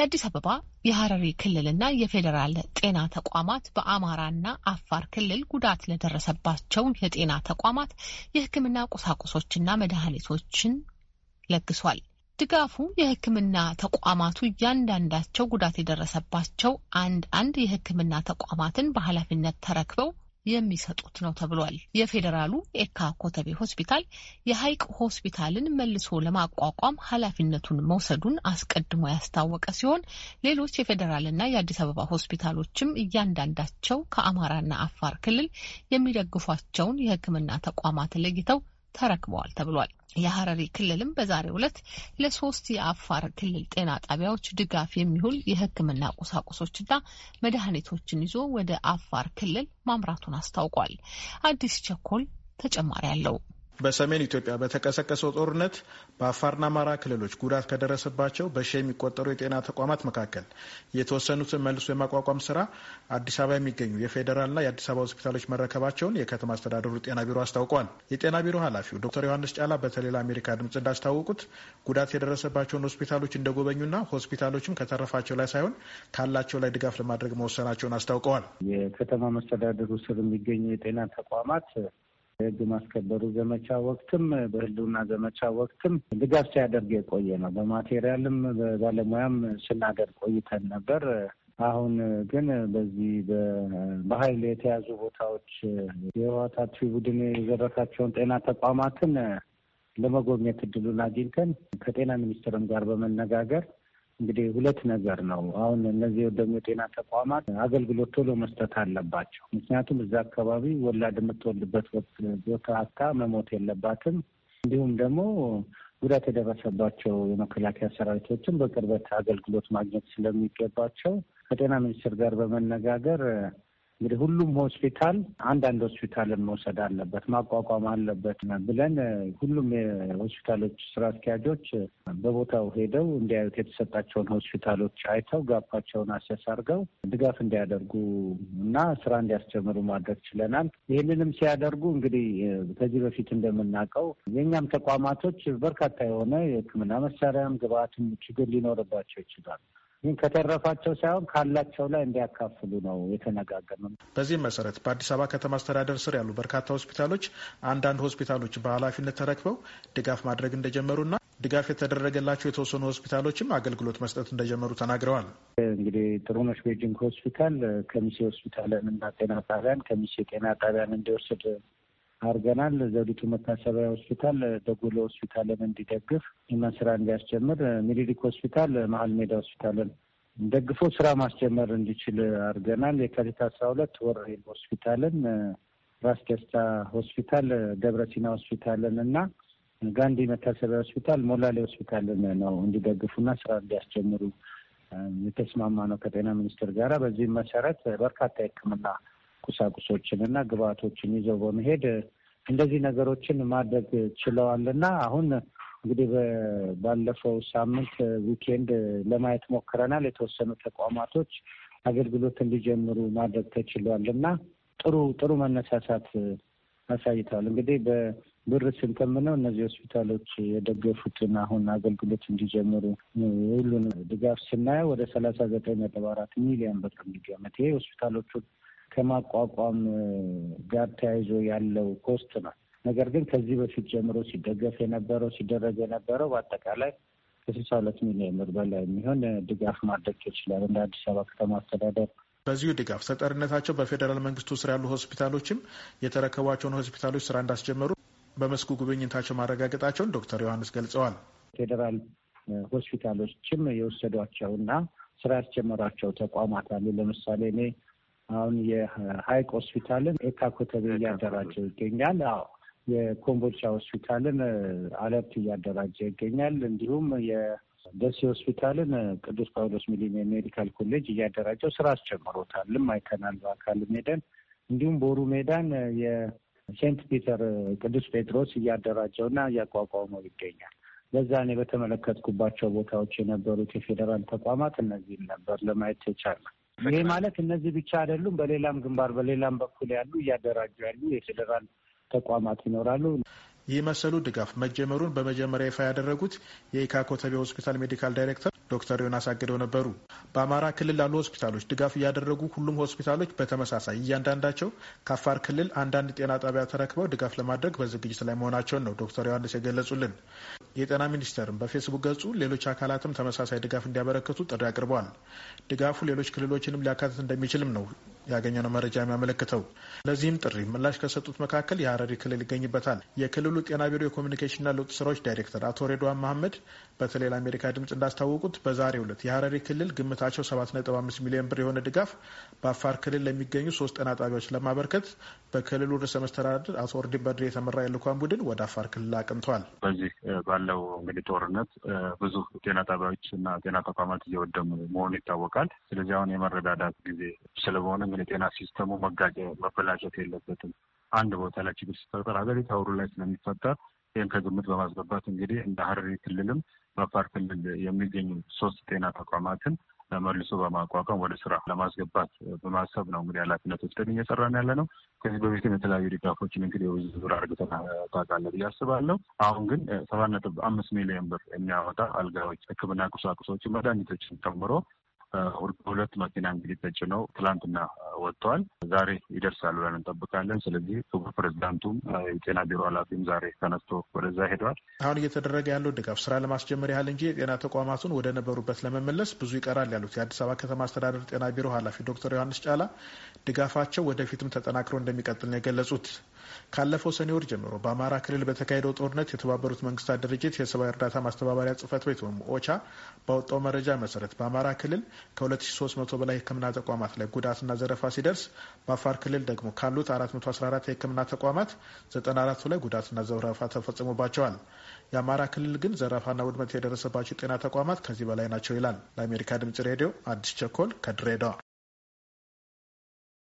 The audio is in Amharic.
የአዲስ አበባ የሐረሪ ክልልና የፌዴራል ጤና ተቋማት በአማራና አፋር ክልል ጉዳት ለደረሰባቸው የጤና ተቋማት የሕክምና ቁሳቁሶችና መድኃኒቶችን ለግሷል። ድጋፉ የሕክምና ተቋማቱ እያንዳንዳቸው ጉዳት የደረሰባቸው አንድ አንድ የሕክምና ተቋማትን በኃላፊነት ተረክበው የሚሰጡት ነው ተብሏል። የፌዴራሉ ኤካ ኮተቤ ሆስፒታል የሀይቅ ሆስፒታልን መልሶ ለማቋቋም ኃላፊነቱን መውሰዱን አስቀድሞ ያስታወቀ ሲሆን ሌሎች የፌዴራልና የአዲስ አበባ ሆስፒታሎችም እያንዳንዳቸው ከአማራና አፋር ክልል የሚደግፏቸውን የሕክምና ተቋማት ለይተው ተረክበዋል ተብሏል። የሐረሪ ክልልም በዛሬው ዕለት ለሶስት የአፋር ክልል ጤና ጣቢያዎች ድጋፍ የሚውል የሕክምና ቁሳቁሶችና መድኃኒቶችን ይዞ ወደ አፋር ክልል ማምራቱን አስታውቋል። አዲስ ቸኮል ተጨማሪ አለው። በሰሜን ኢትዮጵያ በተቀሰቀሰው ጦርነት በአፋርና አማራ ክልሎች ጉዳት ከደረሰባቸው በሺ የሚቆጠሩ የጤና ተቋማት መካከል የተወሰኑትን መልሶ የማቋቋም ስራ አዲስ አበባ የሚገኙ የፌዴራልና የአዲስ አበባ ሆስፒታሎች መረከባቸውን የከተማ አስተዳደሩ ጤና ቢሮ አስታውቋል። የጤና ቢሮ ኃላፊው ዶክተር ዮሐንስ ጫላ በተሌላ አሜሪካ ድምፅ እንዳስታወቁት ጉዳት የደረሰባቸውን ሆስፒታሎች እንደጎበኙና ሆስፒታሎችም ከተረፋቸው ላይ ሳይሆን ካላቸው ላይ ድጋፍ ለማድረግ መወሰናቸውን አስታውቀዋል። የከተማ መስተዳደሩ ስር የሚገኙ የጤና ተቋማት የህግ ማስከበሩ ዘመቻ ወቅትም በህልውና ዘመቻ ወቅትም ድጋፍ ሲያደርግ የቆየ ነው። በማቴሪያልም በባለሙያም ስናደርግ ቆይተን ነበር። አሁን ግን በዚህ በኃይል የተያዙ ቦታዎች የህወሓት አጥፊ ቡድን የዘረፋቸውን ጤና ተቋማትን ለመጎብኘት እድሉን አግኝተን ከጤና ሚኒስቴርም ጋር በመነጋገር እንግዲህ ሁለት ነገር ነው። አሁን እነዚህ ደግሞ የጤና ተቋማት አገልግሎት ቶሎ መስጠት አለባቸው። ምክንያቱም እዛ አካባቢ ወላድ የምትወልድበት ቦታ አታ መሞት የለባትም። እንዲሁም ደግሞ ጉዳት የደረሰባቸው የመከላከያ ሰራዊቶችን በቅርበት አገልግሎት ማግኘት ስለሚገባቸው ከጤና ሚኒስቴር ጋር በመነጋገር እንግዲህ ሁሉም ሆስፒታል አንዳንድ ሆስፒታልን መውሰድ አለበት ማቋቋም አለበት ብለን ሁሉም የሆስፒታሎች ስራ አስኪያጆች በቦታው ሄደው እንዲያዩት የተሰጣቸውን ሆስፒታሎች አይተው ጋፓቸውን አሰስ አድርገው ድጋፍ እንዲያደርጉ እና ስራ እንዲያስጀምሩ ማድረግ ችለናል። ይህንንም ሲያደርጉ እንግዲህ ከዚህ በፊት እንደምናውቀው የእኛም ተቋማቶች በርካታ የሆነ የሕክምና መሳሪያም ግብአትም ችግር ሊኖርባቸው ይችላል። ከተረፋቸው ሳይሆን ካላቸው ላይ እንዲያካፍሉ ነው የተነጋገርነው። በዚህም መሰረት በአዲስ አበባ ከተማ አስተዳደር ስር ያሉ በርካታ ሆስፒታሎች አንዳንድ ሆስፒታሎች በኃላፊነት ተረክበው ድጋፍ ማድረግ እንደጀመሩና ድጋፍ የተደረገላቸው የተወሰኑ ሆስፒታሎችም አገልግሎት መስጠት እንደጀመሩ ተናግረዋል። እንግዲህ ጥሩነሽ ቤጂንግ ሆስፒታል ከሚሴ ሆስፒታልን እና ጤና ጣቢያን ከሚሴ ጤና ጣቢያን እንዲወስድ አድርገናል። ዘውዲቱ መታሰቢያ ሆስፒታል ደጎሎ ሆስፒታልን እንዲደግፍ እና ስራ እንዲያስጀምር፣ ሚኒሊክ ሆስፒታል መሀል ሜዳ ሆስፒታልን ደግፎ ስራ ማስጀመር እንዲችል አድርገናል። የካቲት አስራ ሁለት ወረቤል ሆስፒታልን፣ ራስ ደስታ ሆስፒታል፣ ደብረ ሲና ሆስፒታልን እና ጋንዲ መታሰቢያ ሆስፒታል፣ ሞላሌ ሆስፒታልን ነው እንዲደግፉና ስራ እንዲያስጀምሩ የተስማማ ነው ከጤና ሚኒስቴር ጋራ። በዚህም መሰረት በርካታ የሕክምና ቁሳቁሶችን እና ግብአቶችን ይዘው በመሄድ እንደዚህ ነገሮችን ማድረግ ችለዋል አሁን እንግዲህ ባለፈው ሳምንት ዊኬንድ ለማየት ሞክረናል። የተወሰኑ ተቋማቶች አገልግሎት እንዲጀምሩ ማድረግ ተችሏል እና ጥሩ ጥሩ መነሳሳት አሳይተዋል። እንግዲህ በብር ስንተም ነው እነዚህ ሆስፒታሎች የደገፉትን አሁን አገልግሎት እንዲጀምሩ ሁሉን ድጋፍ ስናየው ወደ ሰላሳ ዘጠኝ ነጥብ አራት ሚሊዮን ብር የሚገመት ይሄ ሆስፒታሎቹን ከማቋቋም ጋር ተያይዞ ያለው ኮስት ነው። ነገር ግን ከዚህ በፊት ጀምሮ ሲደገፍ የነበረው ሲደረግ የነበረው በአጠቃላይ ከስልሳ ሁለት ሚሊዮን ብር በላይ የሚሆን ድጋፍ ማድረግ ይችላል እንደ አዲስ አበባ ከተማ አስተዳደር። በዚሁ ድጋፍ ተጠሪነታቸው በፌዴራል መንግስቱ ስር ያሉ ሆስፒታሎችም የተረከቧቸውን ሆስፒታሎች ስራ እንዳስጀመሩ በመስኩ ጉብኝታቸው ማረጋገጣቸውን ዶክተር ዮሐንስ ገልጸዋል። ፌዴራል ሆስፒታሎችም የወሰዷቸው እና ስራ ያስጀመሯቸው ተቋማት አሉ። ለምሳሌ እኔ አሁን የሀይቅ ሆስፒታልን ኤካ ኮተቤ እያደራጀው ይገኛል። አዎ የኮምቦልቻ ሆስፒታልን አለርት እያደራጀ ይገኛል። እንዲሁም የደሴ ሆስፒታልን ቅዱስ ጳውሎስ ሚሊኒየም ሜዲካል ኮሌጅ እያደራጀው ስራ አስጀምሮታል። ልም አይተናል በአካል ሜዳን እንዲሁም ቦሩ ሜዳን የሴንት ፒተር ቅዱስ ጴጥሮስ እያደራጀው እያደራጀውና እያቋቋመው ይገኛል። በዛ እኔ በተመለከትኩባቸው ቦታዎች የነበሩት የፌዴራል ተቋማት እነዚህም ነበር ለማየት የቻልነው። ይሄ ማለት እነዚህ ብቻ አይደሉም። በሌላም ግንባር በሌላም በኩል ያሉ እያደራጁ ያሉ የፌዴራል ተቋማት ይኖራሉ። ይህ መሰሉ ድጋፍ መጀመሩን በመጀመሪያ ይፋ ያደረጉት የኢካ ኮተቤ ሆስፒታል ሜዲካል ዳይሬክተር ዶክተር ዮናስ አገደው ነበሩ። በአማራ ክልል ላሉ ሆስፒታሎች ድጋፍ እያደረጉ ሁሉም ሆስፒታሎች በተመሳሳይ እያንዳንዳቸው ከአፋር ክልል አንዳንድ ጤና ጣቢያ ተረክበው ድጋፍ ለማድረግ በዝግጅት ላይ መሆናቸውን ነው ዶክተር ዮሐንስ የገለጹልን። የጤና ሚኒስቴርም በፌስቡክ ገጹ ሌሎች አካላትም ተመሳሳይ ድጋፍ እንዲያበረክቱ ጥሪ አቅርበዋል። ድጋፉ ሌሎች ክልሎችንም ሊያካትት እንደሚችልም ነው ያገኘነው መረጃ የሚያመለክተው። ለዚህም ጥሪ ምላሽ ከሰጡት መካከል የሀረሪ ክልል ይገኝበታል። የክልሉ ጤና ቢሮ የኮሚኒኬሽንና ለውጥ ስራዎች ዳይሬክተር አቶ ሬድዋን መሐመድ በተለይ ለአሜሪካ ድምፅ እንዳስታወቁት በዛሬው ዕለት የሀረሪ ክልል ግምታቸው 7.5 ሚሊዮን ብር የሆነ ድጋፍ በአፋር ክልል ለሚገኙ ሶስት ጤና ጣቢያዎች ለማበርከት በክልሉ ርዕሰ መስተዳድር አቶ ኦርዲን በድሬ የተመራ የልዑካን ቡድን ወደ አፋር ክልል አቅንተዋል። በዚህ ባለ ያለው እንግዲህ ጦርነት ብዙ ጤና ጣቢያዎች እና ጤና ተቋማት እየወደሙ መሆኑ ይታወቃል። ስለዚህ አሁን የመረዳዳት ጊዜ ስለመሆነ እንግዲህ ጤና ሲስተሙ መጋጨ መበላሸት የለበትም። አንድ ቦታ ላይ ችግር ሲፈጠር ሀገሪቱ አውሩ ላይ ስለሚፈጠር ይህን ከግምት በማስገባት እንግዲህ እንደ ሀረሪ ክልልም በአፋር ክልል የሚገኙ ሶስት ጤና ተቋማትን መልሶ በማቋቋም ወደ ስራ ለማስገባት በማሰብ ነው እንግዲህ ኃላፊነት ወስደን እየሰራን ያለ ነው። ከዚህ በፊትም የተለያዩ ድጋፎችን እንግዲህ ውዝ ዙር አድርገን ታውቃለህ ብዬ አስባለሁ። አሁን ግን ሰባት ነጥብ አምስት ሚሊዮን ብር የሚያወጣ አልጋዎች፣ ሕክምና ቁሳቁሶችን፣ መድኃኒቶችን ጨምሮ በሁለት መኪና እንግዲህ ተጭነው ትላንትና ወጥተዋል። ዛሬ ይደርሳሉ ብለን እንጠብቃለን። ስለዚህ ክቡር ፕሬዚዳንቱም የጤና ቢሮ ኃላፊም ዛሬ ተነስቶ ወደዛ ሄደዋል። አሁን እየተደረገ ያለው ድጋፍ ስራ ለማስጀመር ያህል እንጂ የጤና ተቋማቱን ወደ ነበሩበት ለመመለስ ብዙ ይቀራል ያሉት የአዲስ አበባ ከተማ አስተዳደር ጤና ቢሮ ኃላፊ ዶክተር ዮሐንስ ጫላ ድጋፋቸው ወደፊትም ተጠናክሮ እንደሚቀጥል ነው የገለጹት። ካለፈው ሰኔ ወር ጀምሮ በአማራ ክልል በተካሄደው ጦርነት የተባበሩት መንግስታት ድርጅት የሰብአዊ እርዳታ ማስተባበሪያ ጽህፈት ቤት ወይም ኦቻ ባወጣው መረጃ መሰረት በአማራ ክልል ከ2300 በላይ ህክምና ተቋማት ላይ ጉዳትና ዘረፋ ሲደርስ በአፋር ክልል ደግሞ ካሉት 414 የህክምና ተቋማት 94ቱ ላይ ጉዳትና ዘረፋ ተፈጽሞባቸዋል። የአማራ ክልል ግን ዘረፋና ውድመት የደረሰባቸው ጤና ተቋማት ከዚህ በላይ ናቸው ይላል። ለአሜሪካ ድምጽ ሬዲዮ አዲስ ቸኮል ከድሬዳዋ